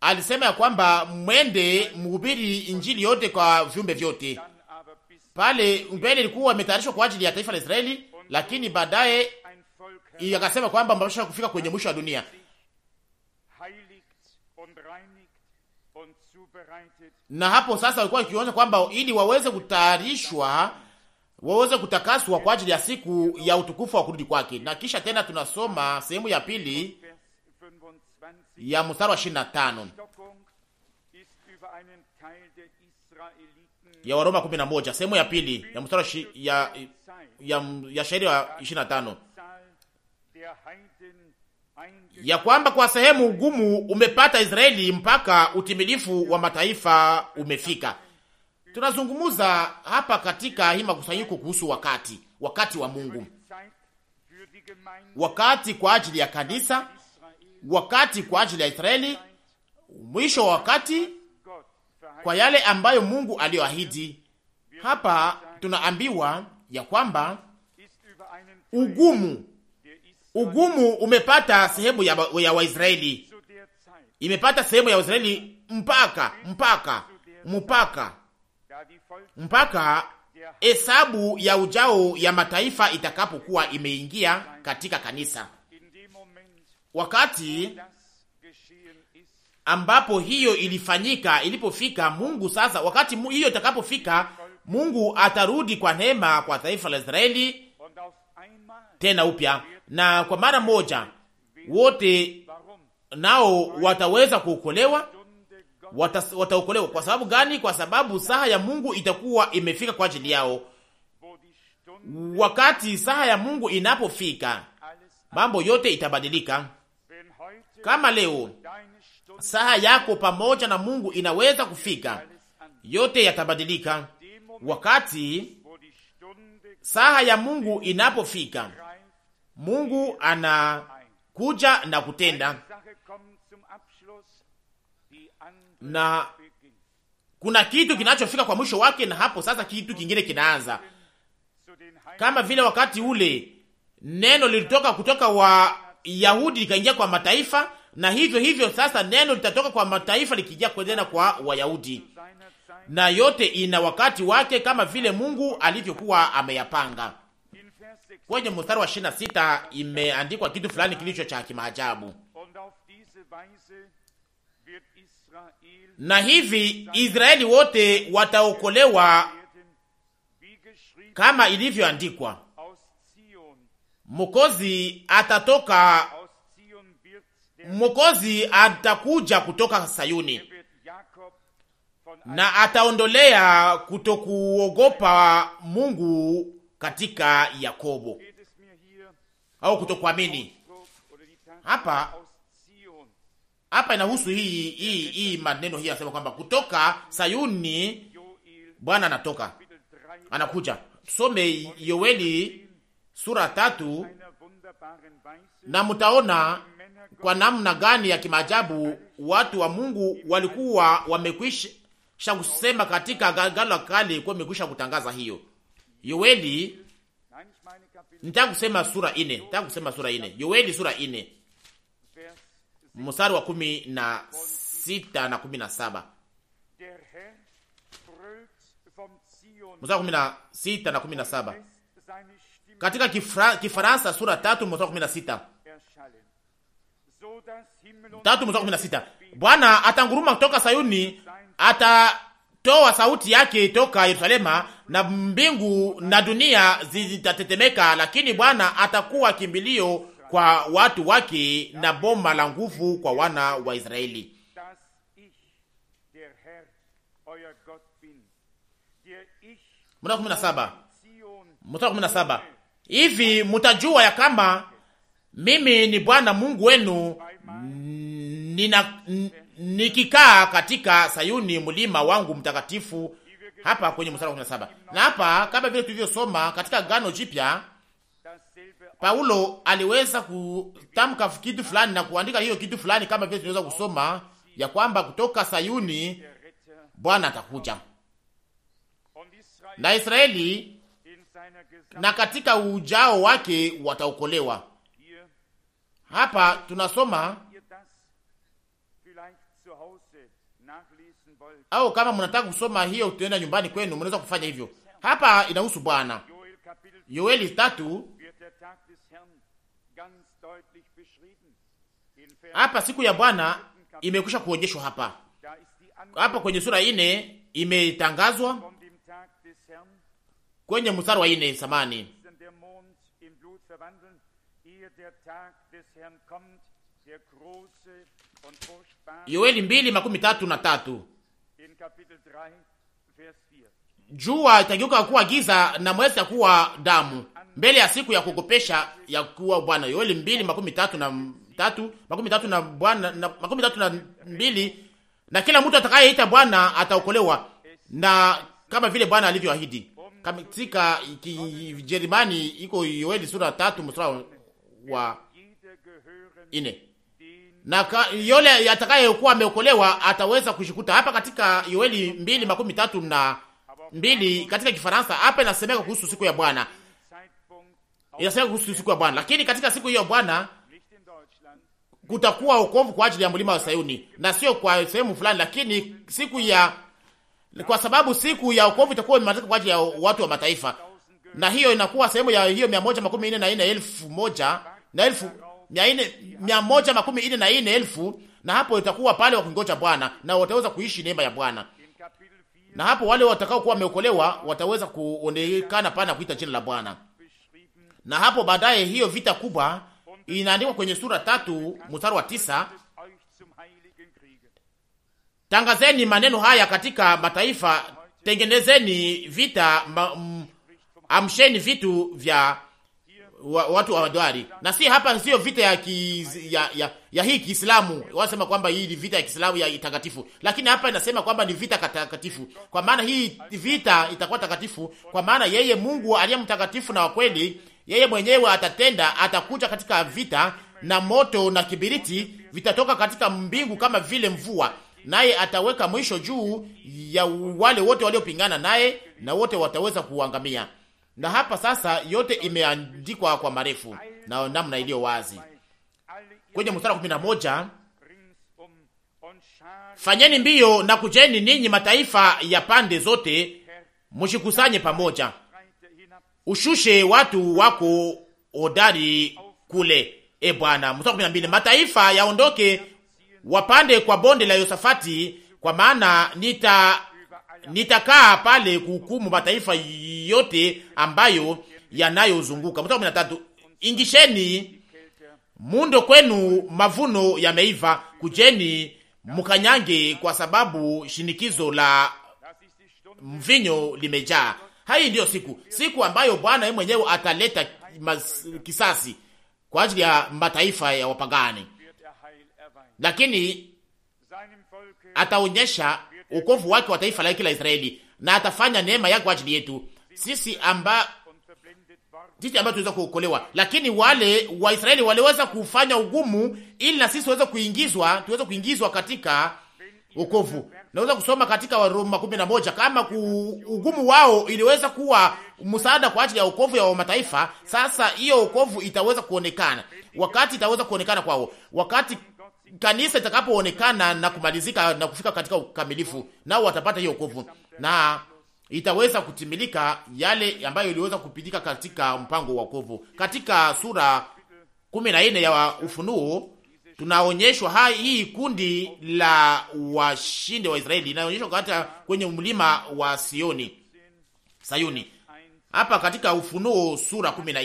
alisema ya kwamba mwende mhubiri injili yote kwa viumbe vyote. Pale mbele ilikuwa imetayarishwa kwa ajili ya taifa la Israeli, lakini baadaye akasema kwamba mbasha kufika kwenye mwisho wa dunia. na hapo sasa walikuwa wakionyesha kwamba ili waweze kutayarishwa waweze kutakaswa kwa ajili ya siku ya utukufu wa kurudi kwake. Na kisha tena tunasoma sehemu ya pili ya mstari wa 25 ya Waroma 11, sehemu ya pili ya mstari ya ya, ya shairi ya 25 ya kwamba kwa sehemu ugumu umepata Israeli mpaka utimilifu wa mataifa umefika. Tunazungumza hapa katika hii makusanyiko kuhusu wakati, wakati wa Mungu, wakati kwa ajili ya kanisa, wakati kwa ajili ya Israeli, mwisho wa wakati kwa yale ambayo Mungu aliyoahidi. Hapa tunaambiwa ya kwamba ugumu ugumu umepata sehemu ya, ya Waisraeli, imepata sehemu ya Waisraeli mpaka mpaka mpaka mpaka hesabu ya ujao ya mataifa itakapokuwa imeingia katika kanisa. Wakati ambapo hiyo ilifanyika, ilipofika Mungu sasa, wakati hiyo itakapofika, Mungu atarudi kwa neema kwa taifa la Israeli tena upya na kwa mara moja wote nao wataweza kuokolewa. Wataokolewa kwa sababu gani? Kwa sababu saha ya Mungu itakuwa imefika kwa ajili yao. Wakati saha ya Mungu inapofika, mambo yote itabadilika. Kama leo saha yako pamoja na Mungu inaweza kufika, yote yatabadilika wakati saha ya Mungu inapofika. Mungu anakuja na kutenda, na kuna kitu kinachofika kwa mwisho wake, na hapo sasa kitu kingine kinaanza, kama vile wakati ule neno lilitoka kutoka wa Yahudi likaingia kwa mataifa, na hivyo hivyo sasa neno litatoka kwa mataifa likiingia tena kwa Wayahudi, na yote ina wakati wake, kama vile Mungu alivyokuwa ameyapanga kwenye mstari wa 26 imeandikwa kitu fulani kilicho cha kimaajabu, na hivi Israeli wote wataokolewa kama ilivyoandikwa, Mokozi atatoka, Mokozi atakuja kutoka Sayuni er na ataondolea kutokuogopa Mungu katika Yakobo au kutokuamini. Hapa hapa inahusu hii hii hii maneno hii, anasema kwamba kutoka Sayuni Bwana anatoka anakuja. Tusome Yoeli sura tatu na mtaona kwa namna gani ya kimaajabu watu wa Mungu walikuwa wamekwisha kusema katika Agano la Kale, kuwa wamekwisha kutangaza hiyo Yoeli, nitaka kusema sura ine, nitaka kusema sura ine, Yoeli sura ine mstari wa kumi na sita na kumi na saba mstari wa kumi na sita na kumi na saba katika kifra, Kifaransa sura tatu mstari wa kumi na sita tatu mstari wa kumi na sita Bwana atanguruma kutoka Sayuni ata toa sauti yake toka Yerusalema, na mbingu na dunia zitatetemeka, lakini Bwana atakuwa kimbilio kwa watu wake na boma la nguvu kwa wana wa Israeli. Hivi mutajua ya kama mimi ni Bwana Mungu wenu nina nikikaa katika Sayuni mlima wangu mtakatifu, hapa kwenye mstari wa 17. Na hapa kama vile tulivyosoma katika Agano Jipya, Paulo aliweza kutamka kitu fulani na kuandika hiyo kitu fulani, kama vile tunaweza kusoma ya kwamba kutoka Sayuni Bwana atakuja na Israeli, na katika ujao wake wataokolewa. Hapa tunasoma au kama mnataka kusoma hiyo tuenda nyumbani kwenu, mnaweza kufanya hivyo. Hapa inahusu Bwana. Yoeli tatu, hapa siku ya Bwana imekwisha kuonyeshwa hapa hapa kwenye sura ine imetangazwa kwenye mstari wa ine samani Yoeli mbili makumi tatu na tatu jua itageuka kuwa giza na mwezi kuwa damu mbele ya siku ya kuogopesha ya kuwa Bwana. Yoeli mbili makumi tatu na tatu makumi tatu na Bwana na makumi tatu na mbili na kila mtu atakayeita Bwana ataokolewa, na kama vile Bwana alivyoahidi katika kijerimani Iko Yoeli sura tatu mstari wa ine na ka, yule atakayekuwa ameokolewa ataweza kushikuta hapa katika Yoeli mbili makumi tatu na mbili katika Kifaransa. Hapa inasemeka kuhusu siku ya Bwana, inasemeka kuhusu siku ya Bwana, lakini katika siku hiyo Bwana kutakuwa wokovu kwa ajili ya mlima wa Sayuni na sio kwa sehemu fulani, lakini siku ya kwa sababu siku ya wokovu itakuwa imemalizika kwa ajili ya watu wa mataifa, na hiyo inakuwa sehemu ya hiyo mia moja makumi nne na nne elfu moja na elfu mia moja makumi ine na ine elfu na hapo itakuwa pale wakingoja Bwana na wataweza kuishi neema ya Bwana, na hapo wale watakao kuwa wameokolewa wataweza kuonekana pana kuita jina la Bwana. Na hapo baadaye hiyo vita kubwa inaandikwa kwenye sura tatu mstari wa tisa tangazeni maneno haya katika mataifa, tengenezeni vita amsheni vitu vya wa, watu na si hapa, sio vita ya, ki, ya, ya, ya hii Kiislamu. Wanasema kwamba hii ni vita ya Kiislamu ya takatifu, lakini hapa inasema kwamba ni vita katakatifu, kwa maana hii vita itakuwa takatifu, kwa maana yeye Mungu aliye mtakatifu na wakweli yeye mwenyewe atatenda, atakuja katika vita na moto na kibiriti vitatoka katika mbingu kama vile mvua, naye ataweka mwisho juu ya wale wote waliopingana naye na wote wataweza kuangamia. Na hapa sasa yote imeandikwa kwa marefu na namna iliyo wazi kwenye mstari wa 11, fanyeni mbio na kujeni ninyi mataifa ya pande zote, mushikusanye pamoja, ushushe watu wako odari kule, e Bwana. Mstari mataifa yaondoke wapande kwa bonde la Yosafati, kwa maana nita nitakaa pale kuhukumu mataifa yote ambayo yanayozunguka. Mstari kumi tatu, ingisheni mundo kwenu, mavuno yameiva, kujeni mkanyange, kwa sababu shinikizo la mvinyo limejaa. hai ndiyo siku, siku ambayo Bwana yeye mwenyewe ataleta kisasi kwa ajili ya mataifa ya wapagani, lakini ataonyesha ukovu wake wa taifa lake la Israeli, na atafanya neema yake kwa ajili yetu sisi amba sisi ambao tuweza kuokolewa. Lakini wale Waisraeli waliweza kufanya ugumu ili na sisi tuweze kuingizwa, tuweze kuingizwa katika ukovu. Naweza kusoma katika Waroma 11 kama ku, ugumu wao iliweza kuwa msaada kwa ajili ya ukovu ya mataifa. Sasa hiyo ukovu itaweza kuonekana wakati itaweza kuonekana kwao wakati kanisa itakapoonekana na kumalizika na kufika katika ukamilifu, nao watapata hiyo wokovu na itaweza kutimilika yale ambayo iliweza kupilika katika mpango wa wokovu. Katika sura kumi na ya Ufunuo tunaonyeshwa hai hii kundi la washinde wa Israeli inaonyeshwa hata kwenye mlima wa Sioni Sayuni hapa katika Ufunuo sura kumi na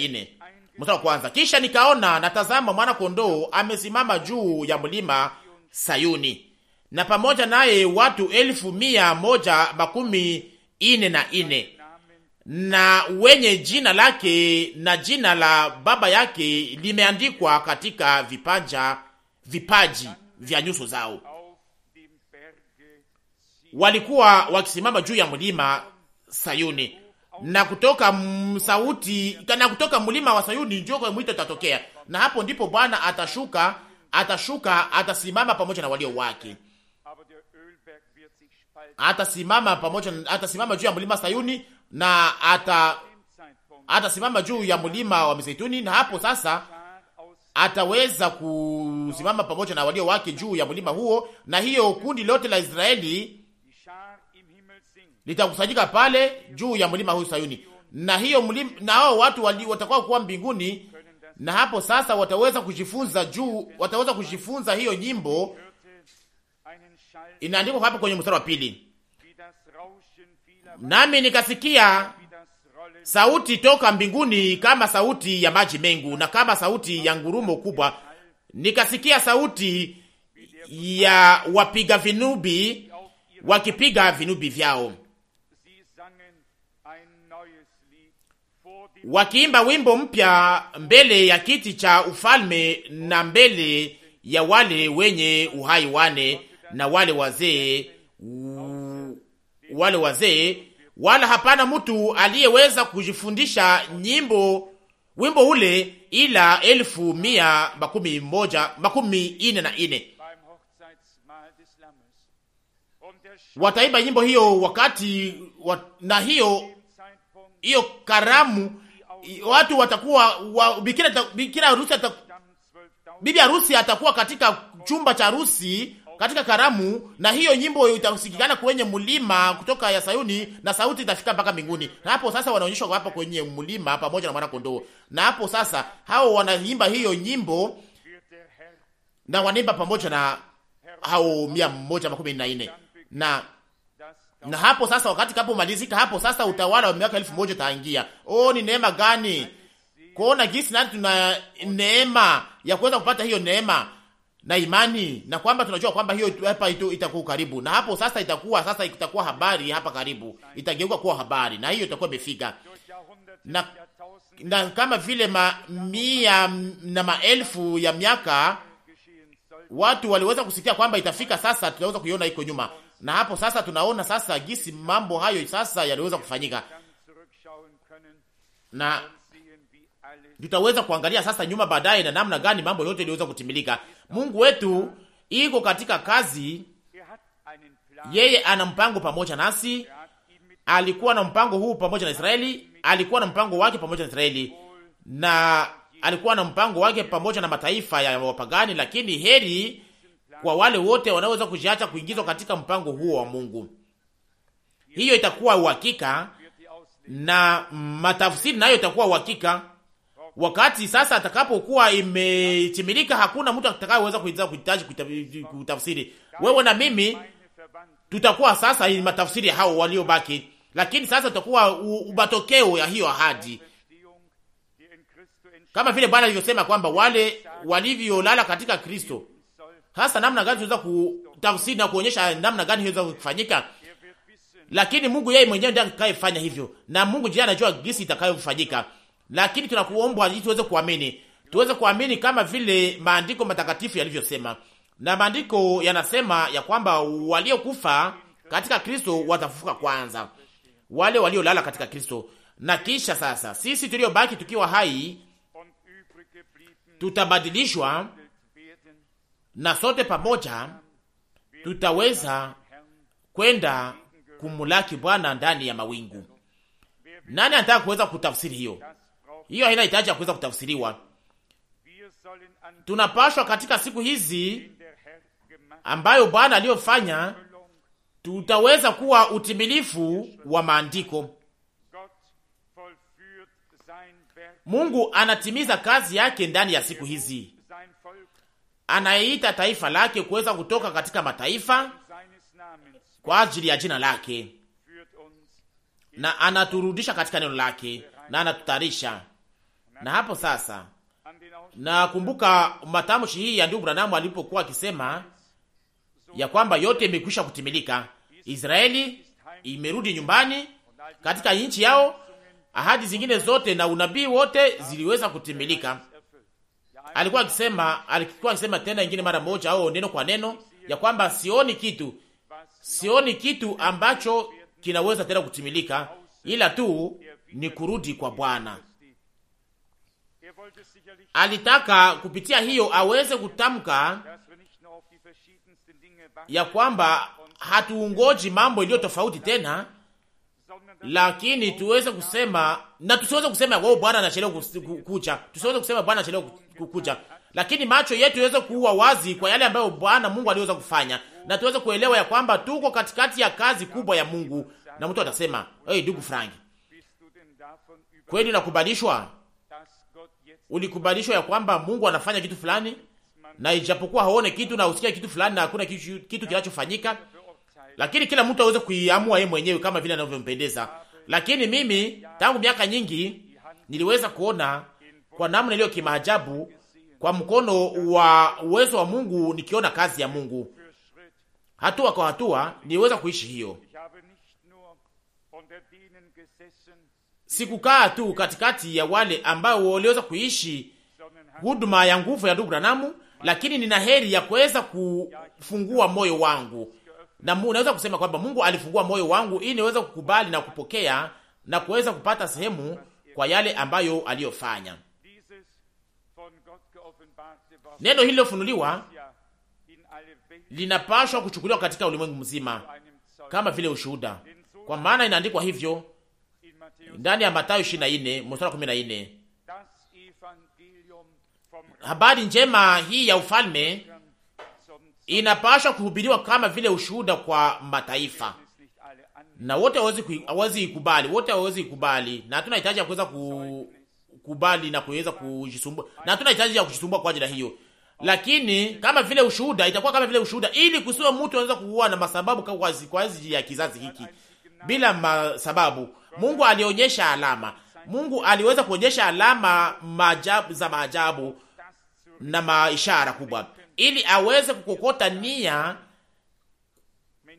Mstari wa kwanza. Kisha nikaona natazama mwana kondoo amesimama juu ya mlima Sayuni na pamoja naye watu elfu mia moja makumi ine na ine na wenye jina lake na jina la baba yake limeandikwa katika vipaja vipaji vya nyuso zao. Walikuwa wakisimama juu ya mlima Sayuni na kutoka sauti na kutoka mlima wa Sayuni njoko mwito tatokea na hapo ndipo Bwana atashuka, atashuka, atasimama pamoja na walio wake, atasimama pamoja, atasimama juu ya mlima Sayuni na ata atasimama juu ya mlima wa Mizeituni, na hapo sasa ataweza kusimama pamoja na walio wake juu ya mlima huo, na hiyo kundi lote la Israeli litakusanyika pale juu ya mlima huu Sayuni, na hiyo mlima, na hao watu watakuwa kuwa mbinguni, na hapo sasa wataweza kujifunza juu, wataweza kujifunza hiyo nyimbo. Inaandikwa hapo kwenye mstari wa pili, nami nikasikia sauti toka mbinguni kama sauti ya maji mengu na kama sauti ya ngurumo kubwa, nikasikia sauti ya wapiga vinubi wakipiga vinubi vyao wakiimba wimbo mpya mbele ya kiti cha ufalme na mbele ya wale wenye uhai wane na wale wazee wale wazee, wala hapana mtu aliyeweza kujifundisha nyimbo wimbo ule ila elfu mia makumi moja makumi ine na ine. Wataimba nyimbo hiyo wakati wa, na hiyo hiyo karamu watu watakuwa wa, bikira, bikira harusi ataku, bibi harusi atakuwa katika chumba cha harusi katika karamu, na hiyo nyimbo itasikikana kwenye mlima kutoka ya Sayuni, na sauti itafika mpaka mbinguni. Na hapo sasa wanaonyeshwa hapo kwenye mlima pamoja na mwana kondoo, na hapo sasa hao wanaimba hiyo nyimbo na wanaimba pamoja na hao mia moja makumi na nne na na hapo sasa, wakati kapo malizika hapo sasa, utawala wa miaka elfu moja utaingia. O, oh, ni neema gani kuona jinsi nani tuna neema ya kuweza kupata hiyo neema na imani, na kwamba tunajua kwamba hiyo hapa ito itakuwa karibu, na hapo sasa itakuwa sasa itakuwa habari hapa karibu, itageuka kuwa habari, na hiyo itakuwa imefika na, na kama vile ma, mia na maelfu ya miaka watu waliweza kusikia kwamba itafika sasa, tunaweza kuiona iko nyuma na hapo sasa tunaona sasa gisi mambo hayo sasa yaliweza kufanyika, na tutaweza kuangalia sasa nyuma baadaye na namna gani mambo yote iliweza kutimilika. Mungu wetu iko katika kazi, yeye ana mpango pamoja nasi. Alikuwa na mpango huu pamoja na Israeli, alikuwa na mpango wake pamoja na Israeli na alikuwa na mpango wake pamoja na mataifa ya wapagani, lakini heri kwa wale wote wanaoweza kujiacha kuingizwa katika mpango huo wa Mungu. Hiyo itakuwa uhakika na matafsiri nayo itakuwa uhakika wakati sasa atakapokuwa imetimilika. Hakuna mtu atakayeweza kuiza kuhitaji kutafsiri. Wewe na mimi tutakuwa sasa ni matafsiri ya hao waliobaki, lakini sasa tutakuwa matokeo ya hiyo ahadi, kama vile Bwana alivyosema kwamba wale walivyolala katika Kristo hasa namna gani tunaweza kutafsiri na kuonyesha namna gani hiyo kufanyika, lakini Mungu yeye mwenyewe ndiye atakayefanya hivyo, na Mungu ndiye anajua jinsi itakayofanyika. Lakini tunakuomba ili tuweze kuamini, tuweze kuamini kama vile maandiko matakatifu yalivyosema, na maandiko yanasema ya kwamba waliokufa katika Kristo watafufuka kwanza, wale waliolala katika Kristo, na kisha sasa sisi tuliobaki tukiwa hai tutabadilishwa na sote pamoja tutaweza kwenda kumulaki Bwana ndani ya mawingu. Nani anataka kuweza kutafsiri hiyo? Hiyo haina hitaji ya kuweza kutafsiriwa. Tunapashwa katika siku hizi ambayo Bwana aliyofanya, tutaweza kuwa utimilifu wa maandiko. Mungu anatimiza kazi yake ndani ya siku hizi anayeita taifa lake kuweza kutoka katika mataifa kwa ajili ya jina lake, na anaturudisha katika neno lake na anatutarisha. Na hapo sasa nakumbuka matamshi hii ya ndugu Branamu alipokuwa akisema ya kwamba yote imekwisha kutimilika. Israeli imerudi nyumbani katika nchi yao, ahadi zingine zote na unabii wote ziliweza kutimilika alikuwa akisema, alikuwa akisema tena ingine mara moja, au neno kwa neno, ya kwamba sioni kitu, sioni kitu ambacho kinaweza tena kutimilika, ila tu ni kurudi kwa Bwana. Alitaka kupitia hiyo aweze kutamka ya kwamba hatuungoji mambo iliyo tofauti tena lakini tuweze kusema na tusiweze kusema wao, Bwana anachelewa kukuja, tusiweze kusema Bwana anachelewa kukuja, lakini macho yetu yaweze kuwa wazi kwa yale ambayo Bwana Mungu aliweza kufanya, na tuweze kuelewa ya kwamba tuko katikati ya kazi kubwa ya Mungu. Na mtu atasema hey, ndugu Frank, kweli unakubalishwa, ulikubalishwa ya kwamba Mungu anafanya kitu fulani, na ijapokuwa haone kitu na usikia kitu fulani na hakuna kitu, kitu kinachofanyika lakini kila mtu aweze kuiamua yeye mwenyewe kama vile anavyompendeza. Lakini mimi tangu miaka nyingi niliweza kuona kwa namna iliyo kimaajabu, kwa mkono wa uwezo wa Mungu, nikiona kazi ya Mungu hatua kwa hatua, niliweza kuishi hiyo. Sikukaa tu katikati ya wale ambao waliweza kuishi huduma ya nguvu ya ndugu Branamu, lakini nina heri ya kuweza kufungua moyo wangu na unaweza kusema kwamba Mungu alifungua moyo wangu ili niweze kukubali na kupokea na kuweza kupata sehemu kwa yale ambayo aliyofanya. Neno hili lilofunuliwa linapashwa kuchukuliwa katika ulimwengu mzima kama vile ushuhuda, kwa maana inaandikwa hivyo ndani ya Mathayo 24 mstari 14, habari njema hii ya ufalme inapasha kuhubiriwa kama vile ushuhuda kwa mataifa, na wote hawezi kukubali, wote hawezi kukubali, na hatuna hitaji ya kuweza kukubali na kuweza kujisumbua, na hatuna hitaji ya kujisumbua kwa ajili hiyo, lakini kama vile ushuhuda itakuwa kama vile ushuhuda, ili kusiwe mtu anaweza kuua na masababu kwa ajili ya kizazi hiki bila masababu. Mungu alionyesha alama, Mungu aliweza kuonyesha alama maajabu, za maajabu na maishara kubwa ili aweze kukokota nia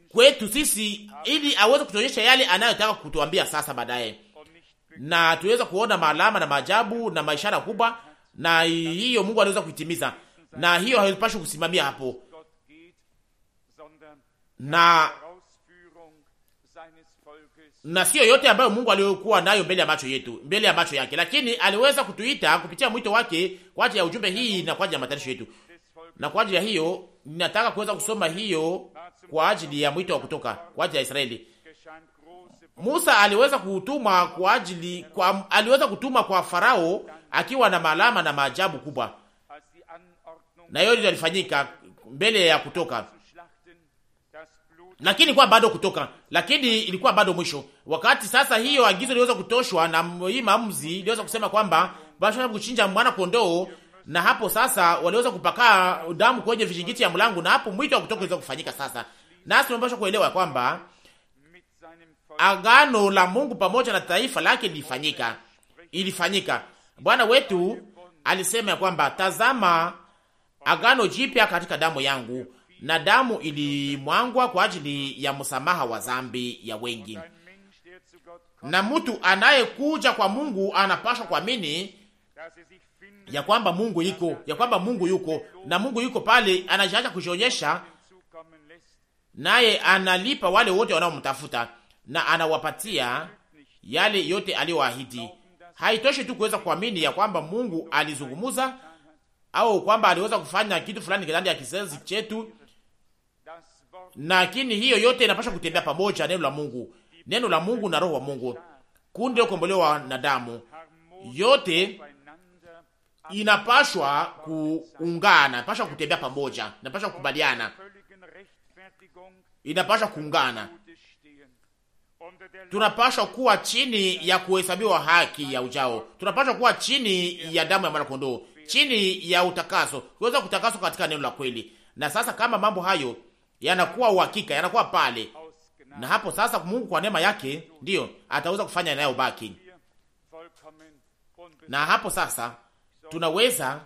kwetu sisi, ili aweze kutuonyesha yale anayotaka kutuambia sasa baadaye, na tuweza kuona maalama na maajabu na maishara kubwa, na hiyo Mungu anaweza kuitimiza, na hiyo haipashi kusimamia hapo na na sio yote ambayo Mungu aliyokuwa nayo mbele ya macho yetu, mbele ya macho yake, lakini aliweza kutuita kupitia mwito wake kwa ajili ya ujumbe hii na kwa ajili ya matarisho yetu na kwa ajili ya hiyo ninataka kuweza kusoma hiyo kwa ajili ya mwito wa kutoka kwa ajili ya Israeli. Musa aliweza kutuma kwa ajili kwa, aliweza kutuma kwa Farao akiwa na maalama na maajabu kubwa, na hiyo ndio ilifanyika mbele ya kutoka, lakini kwa bado kutoka, lakini ilikuwa bado mwisho. Wakati sasa hiyo agizo iliweza kutoshwa na hii maamuzi iliweza kusema kwamba basi kuchinja mwana kondoo na hapo sasa waliweza kupakaa damu kwenye vizingiti ya mlango, na hapo mwito wa kutoka uweza kufanyika sasa. Nasi tunapaswa kuelewa kwamba agano la Mungu pamoja na taifa lake lilifanyika, ilifanyika. Bwana wetu alisema ya kwamba tazama, agano jipya katika damu yangu, na damu ilimwangwa kwa ajili ya msamaha wa dhambi ya wengi. Na mtu anayekuja kwa Mungu anapaswa kuamini ya kwamba Mungu yuko, ya kwamba Mungu yuko na Mungu yuko pale, anaacha kujionyesha naye analipa wale wote wanaomtafuta na anawapatia yale yote aliyoahidi. Haitoshi tu kuweza kuamini ya kwamba Mungu alizungumza au kwamba aliweza kufanya kitu fulani ndani ya kizazi chetu, lakini hiyo yote inapaswa kutembea pamoja, neno la Mungu, neno la Mungu na roho wa Mungu, kundi la ukombolewa na damu yote inapashwa kuungana, inapashwa kutembea pamoja, inapashwa kukubaliana, inapashwa kuungana. Tunapashwa kuwa chini ya kuhesabiwa haki ya ujao, tunapashwa kuwa chini ya damu ya mwanakondoo, chini ya utakaso, kuweza kutakaswa katika neno la kweli. Na sasa kama mambo hayo yanakuwa uhakika, yanakuwa pale na hapo sasa, Mungu kwa neema yake ndiyo ataweza kufanya baki na hapo sasa tunaweza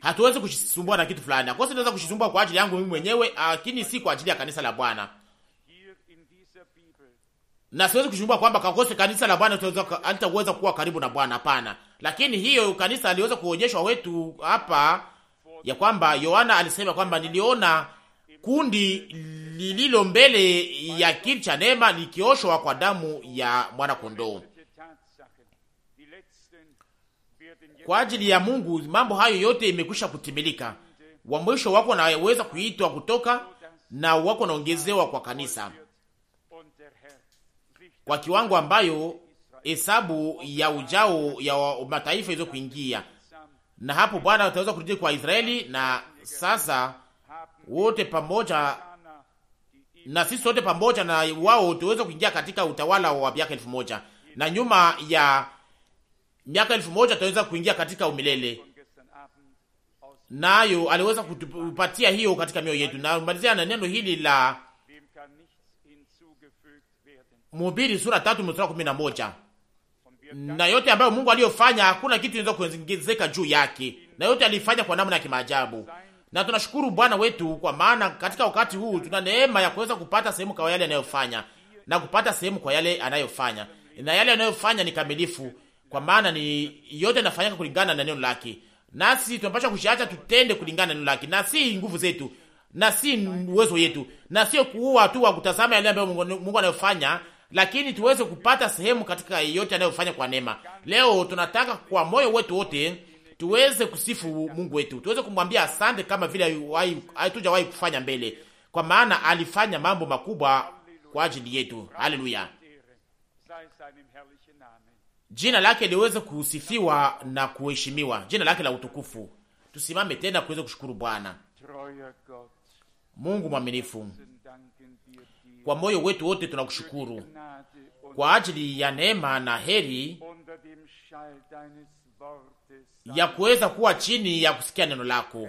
hatuwezi kujisumbua na kitu fulani. Akosi naweza kujisumbua kwa ajili yangu mimi mwenyewe, lakini si kwa ajili ya kanisa la Bwana. Na siwezi kujisumbua kwamba kakose kanisa la Bwana alitaweza kuwa karibu na Bwana, hapana. Lakini hiyo kanisa aliweza kuonyeshwa wetu hapa ya kwamba Yohana alisema kwamba niliona kundi lililo mbele ya kiti cha neema likioshwa kwa damu ya mwana kondoo. kwa ajili ya Mungu mambo hayo yote imekwisha kutimilika. Wa mwisho wako naweza kuitwa kutoka na wako naongezewa kwa kanisa kwa kiwango ambayo hesabu ya ujao ya mataifa hizo kuingia, na hapo Bwana ataweza kurudi kwa Israeli. Na sasa wote pamoja na sisi wote pamoja na wao tuweze kuingia katika utawala wa miaka elfu moja na nyuma ya miaka elfu moja ataweza kuingia katika umilele, nayo aliweza kutupatia hiyo katika mioyo yetu. Na malizia na neno hili la Mhubiri sura tatu mstari kumi na moja na yote ambayo Mungu aliyofanya hakuna kitu inaweza kuongezeka juu yake, na yote alifanya kwa namna ya kimaajabu. Na tunashukuru Bwana wetu kwa maana katika wakati huu tuna neema ya kuweza kupata sehemu kwa yale anayofanya na kupata sehemu kwa yale anayofanya, na yale anayofanya ni kamilifu kwa maana ni yote nafanyika kulingana na neno lake, nasi tunapaswa kushiacha tutende kulingana na neno lake, na si nguvu zetu na si uwezo yetu, na sio kuua tu wa kutazama yale ambayo Mungu anayofanya, lakini tuweze kupata sehemu katika yote anayofanya kwa neema. Leo tunataka kwa moyo wetu wote tuweze kusifu Mungu wetu, tuweze kumwambia asante, kama vile hatujawahi kufanya mbele, kwa maana alifanya mambo makubwa kwa ajili yetu. Haleluya! jina lake liweze kusifiwa na kuheshimiwa, jina lake la utukufu. Tusimame tena kuweze kushukuru Bwana Mungu mwaminifu. Kwa moyo wetu wote tunakushukuru kwa ajili ya neema na heri ya kuweza kuwa chini ya kusikia neno lako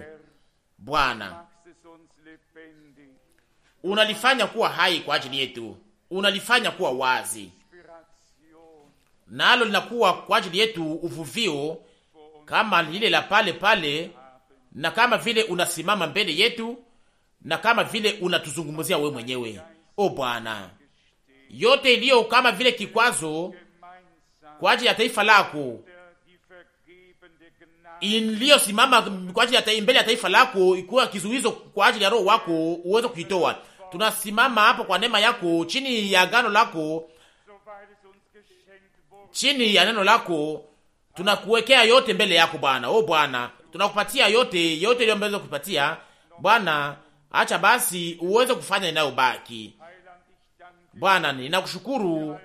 Bwana. Unalifanya kuwa hai kwa ajili yetu, unalifanya kuwa wazi nalo linakuwa kwa ajili yetu uvuvio kama lile la pale pale, na kama vile unasimama mbele yetu, na kama vile unatuzungumzia we mwenyewe. O Bwana, yote iliyo kama vile kikwazo kwa ajili ya taifa lako iliyosimama kwa ajili ya taifa mbele ya taifa lako, ikuwa kizuizo kwa ajili ya roho wako uweze kuitoa. Tunasimama hapo kwa neema yako, chini ya agano lako chini ya neno lako tunakuwekea yote mbele yako Bwana. O oh, Bwana, tunakupatia yote yote ile ambayo kupatia Bwana, acha basi uweze kufanya inayobaki. Bwana, ninakushukuru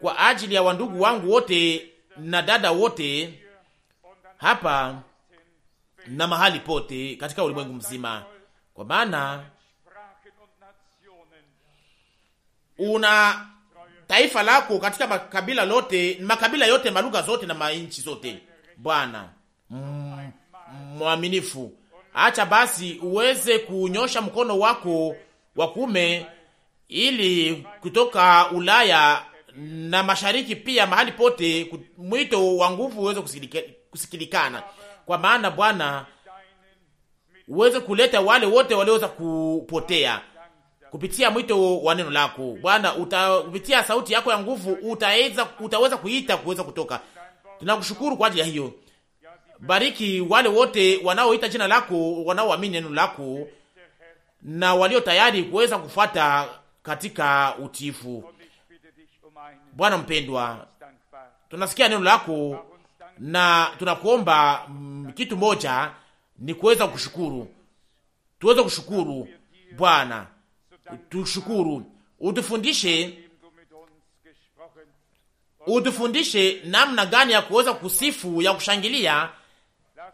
kwa ajili ya wandugu wangu wote na dada wote hapa na mahali pote katika ulimwengu mzima, kwa maana una taifa lako katika makabila lote, makabila yote, malugha zote na mainchi zote. Bwana mm, mwaminifu, acha basi uweze kunyosha mkono wako wa kuume ili kutoka Ulaya na mashariki pia mahali pote mwito wa nguvu uweze kusikilikana, kwa maana Bwana uweze kuleta wale wote walioweza kupotea kupitia mwito wa neno lako Bwana, kupitia sauti yako ya nguvu utaweza, utaweza kuita kuweza kutoka. Tunakushukuru kwa ajili ya hiyo. Bariki wale wote wanaoita jina lako, wanaoamini neno lako na walio tayari kuweza kufuata katika utiifu. Bwana mpendwa, tunasikia neno lako na tunakuomba mm, kitu moja ni kuweza kushukuru, tuweze kushukuru Bwana tushukuru, utufundishe utufundishe namna gani ya kuweza kusifu ya kushangilia,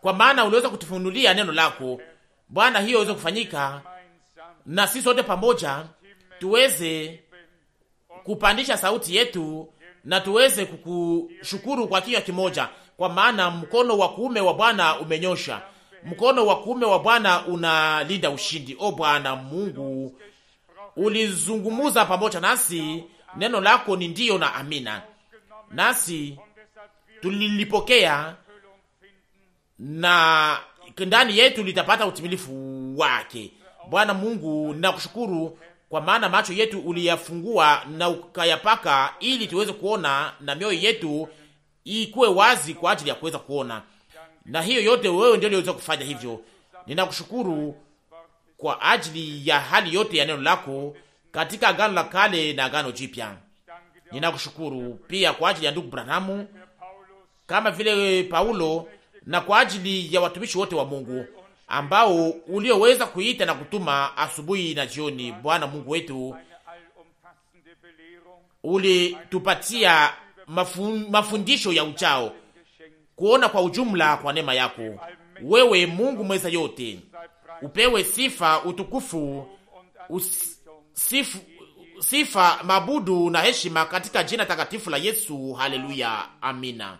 kwa maana uliweza kutufunulia neno lako Bwana, hiyo iweze kufanyika na sisi sote pamoja tuweze kupandisha sauti yetu na tuweze kukushukuru kwa kinywa kimoja, kwa maana mkono wa kuume wa Bwana umenyosha, mkono wa kuume wa Bwana unalinda ushindi. O Bwana Mungu ulizungumuza pamoja nasi, neno lako ni ndiyo na amina, nasi tulilipokea na ndani yetu litapata utimilifu wake. Bwana Mungu, ninakushukuru kwa maana macho yetu uliyafungua na ukayapaka, ili tuweze kuona na mioyo yetu ikuwe wazi kwa ajili ya kuweza kuona, na hiyo yote wewe ndio uliweza kufanya hivyo. Ninakushukuru kwa ajili ya hali yote ya neno lako katika Agano la Kale na Agano Jipya. Ninakushukuru pia kwa ajili ya ndugu Branamu kama vile Paulo na kwa ajili ya watumishi wote wa Mungu ambao ulioweza kuita na kutuma asubuhi na jioni. Bwana Mungu wetu, ulitupatia mafun, mafundisho ya uchao kuona kwa ujumla kwa neema yako wewe Mungu mweza yote upewe sifa, utukufu, usifu, sifa, mabudu na heshima katika jina takatifu la Yesu. Haleluya, amina.